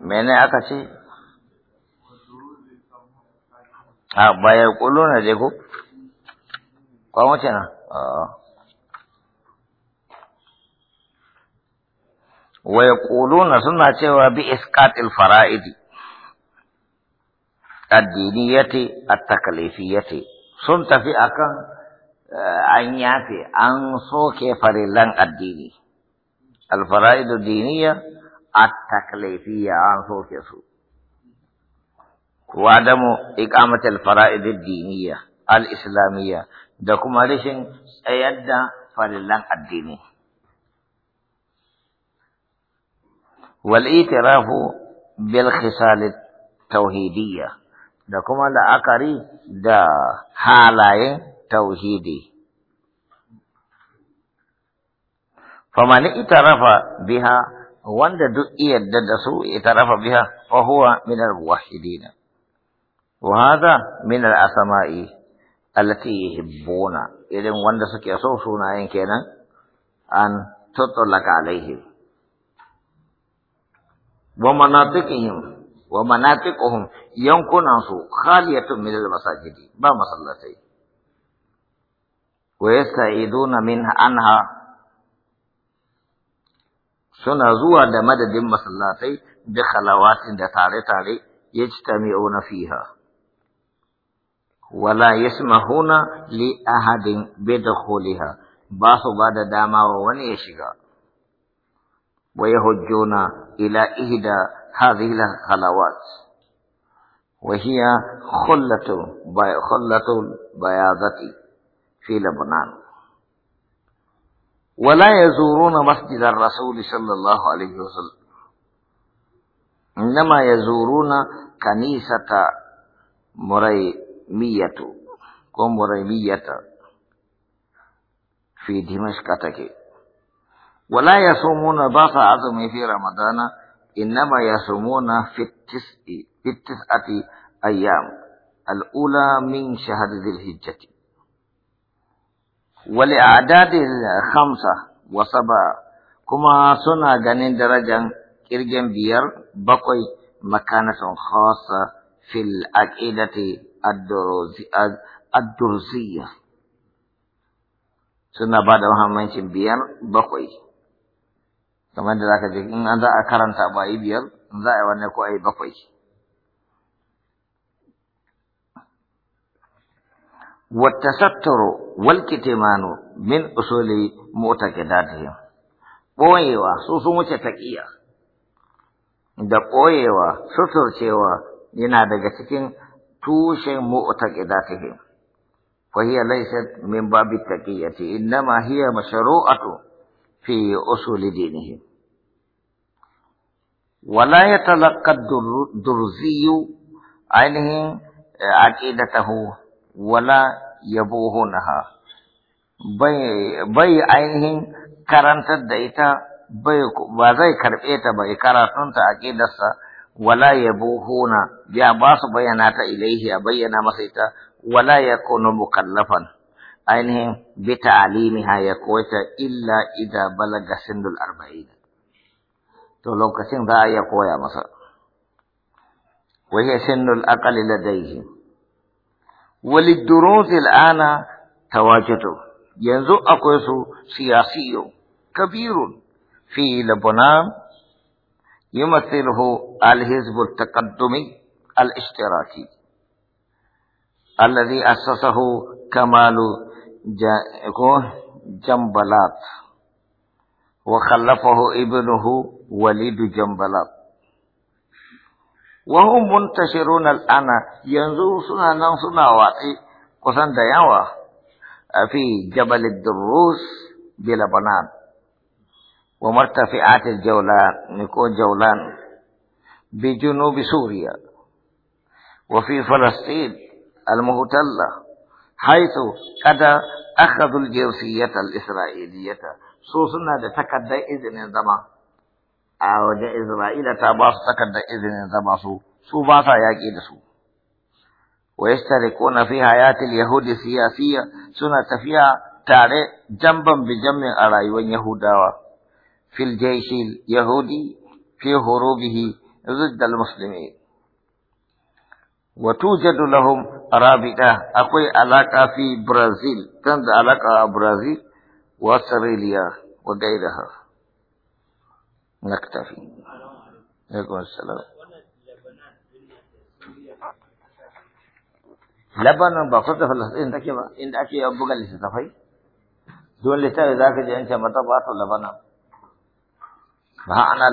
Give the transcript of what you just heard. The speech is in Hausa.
mene aka ce a baya kullo na je ko kwan wace na wa na suna cewa bi isqatil fara'idi addiniyati at sun tafi akan eh, an yafe an soke farilan addini al-fara'id ad التكليفية عن آه، صوت يسوع وعدم إقامة الفرائض الدينية الإسلامية دكما لشن أيدا فللان الديني والإعتراف بالخصال التوحيدية دكما لأكاري دا حالاي توحيدي فمن اعترف بها wanda duk iyadda da su rafa biya, fa huwa min al wahidin wa hadha min al-asma'i allati yuhibbuna Idan wanda suke so sunayen kenan an tutlaka alaihi wa manatiqihim wa manatiquhum yankunansu khaliyatun min al-masajidi ba masallatai wa yasta'iduna min anha suna zuwa da madadin masallatai da khalawatin da tare-tare yajtami'una fiha wala yasmahuna li ahadin bidkhuliha ba su ba da dama wa wani ya shiga wa yahujjuna ila ihda hadhihi al-khalawat wa hiya khullatu bay khullatu bayadati fi Lebanon ولا يزورون مسجد الرسول صلى الله عليه وسلم إنما يزورون كنيسة مريمية ومريمية في دمشق تكي ولا يصومون باس عظم في رمضان إنما يصومون في التسعة أيام الأولى من شهر ذي الهجه wali adadin hamsa wasaba kuma suna ganin darajan kirgen biyar bakwai makanatun khasa fil aqidati ad suna ba da muhimmancin biyar bakwai kamar da zaka ji in an za a karanta ba yi biyar in za a yi wannan ko a yi bakwai والتستر والكتمان من أصول معتقداتهم ɓoyewa su sun wuce da ɓoyewa suturcewa yana daga cikin tushen mu'taqidatihim fa hiya laysat min babi taqiyati innama hiya mashru'atu fi usul dinihim wala yatalaqqa ad-durziyu ainihin aqidatahu wala yabuhunaha bai ainihin karantar da ita bai ba zai karbe ta bai karatunta aqidarsa wala yabuhuna ya ba su bayyana ta ilaihi a bayyana masa ita wala yakunu mukallafan ainihin bi ta'limiha ya koyata illa idza balaga sindul arba'in to lokacin za a iya koya masa wa ya sindul aqali ladayhi وللدروز الآن تواجدوا ينزو أقوس سياسي كبير في لبنان يمثله الحزب التقدمي الاشتراكي الذي أسسه كمال جنبلات وخلفه ابنه وليد جنبلات وهم منتشرون الآن ينظروا سنة نصنا نعم، واطي قصان ديانوا في جبل الدروس بلبنان ومرتفعات الجولان نكون جولان بجنوب سوريا وفي فلسطين المهتلة حيث قد أخذوا الجنسية الإسرائيلية سوسنا لتكدى إذن الزمان a wajen Isra'ila ta ba su takardar izinin zama su, su ba sa yaƙi da su. Wa yastarikuna fi hayatil yahudi siyasiya suna tafiya tare jamban bijamin a rayuwar Yahudawa. Fil jaishil yahudi fi hurubihi ziddal musulmi. Wa tujadu lahum rabita akwai alaƙa fi Brazil, kan da alaƙa a Brazil wa Siriliya wa gairaha. نكتفي ba السلام labanan ba kwata falasɗin take ba inda ake a buga littattafai don littafi za ka je yanke mata ba ta labanan ba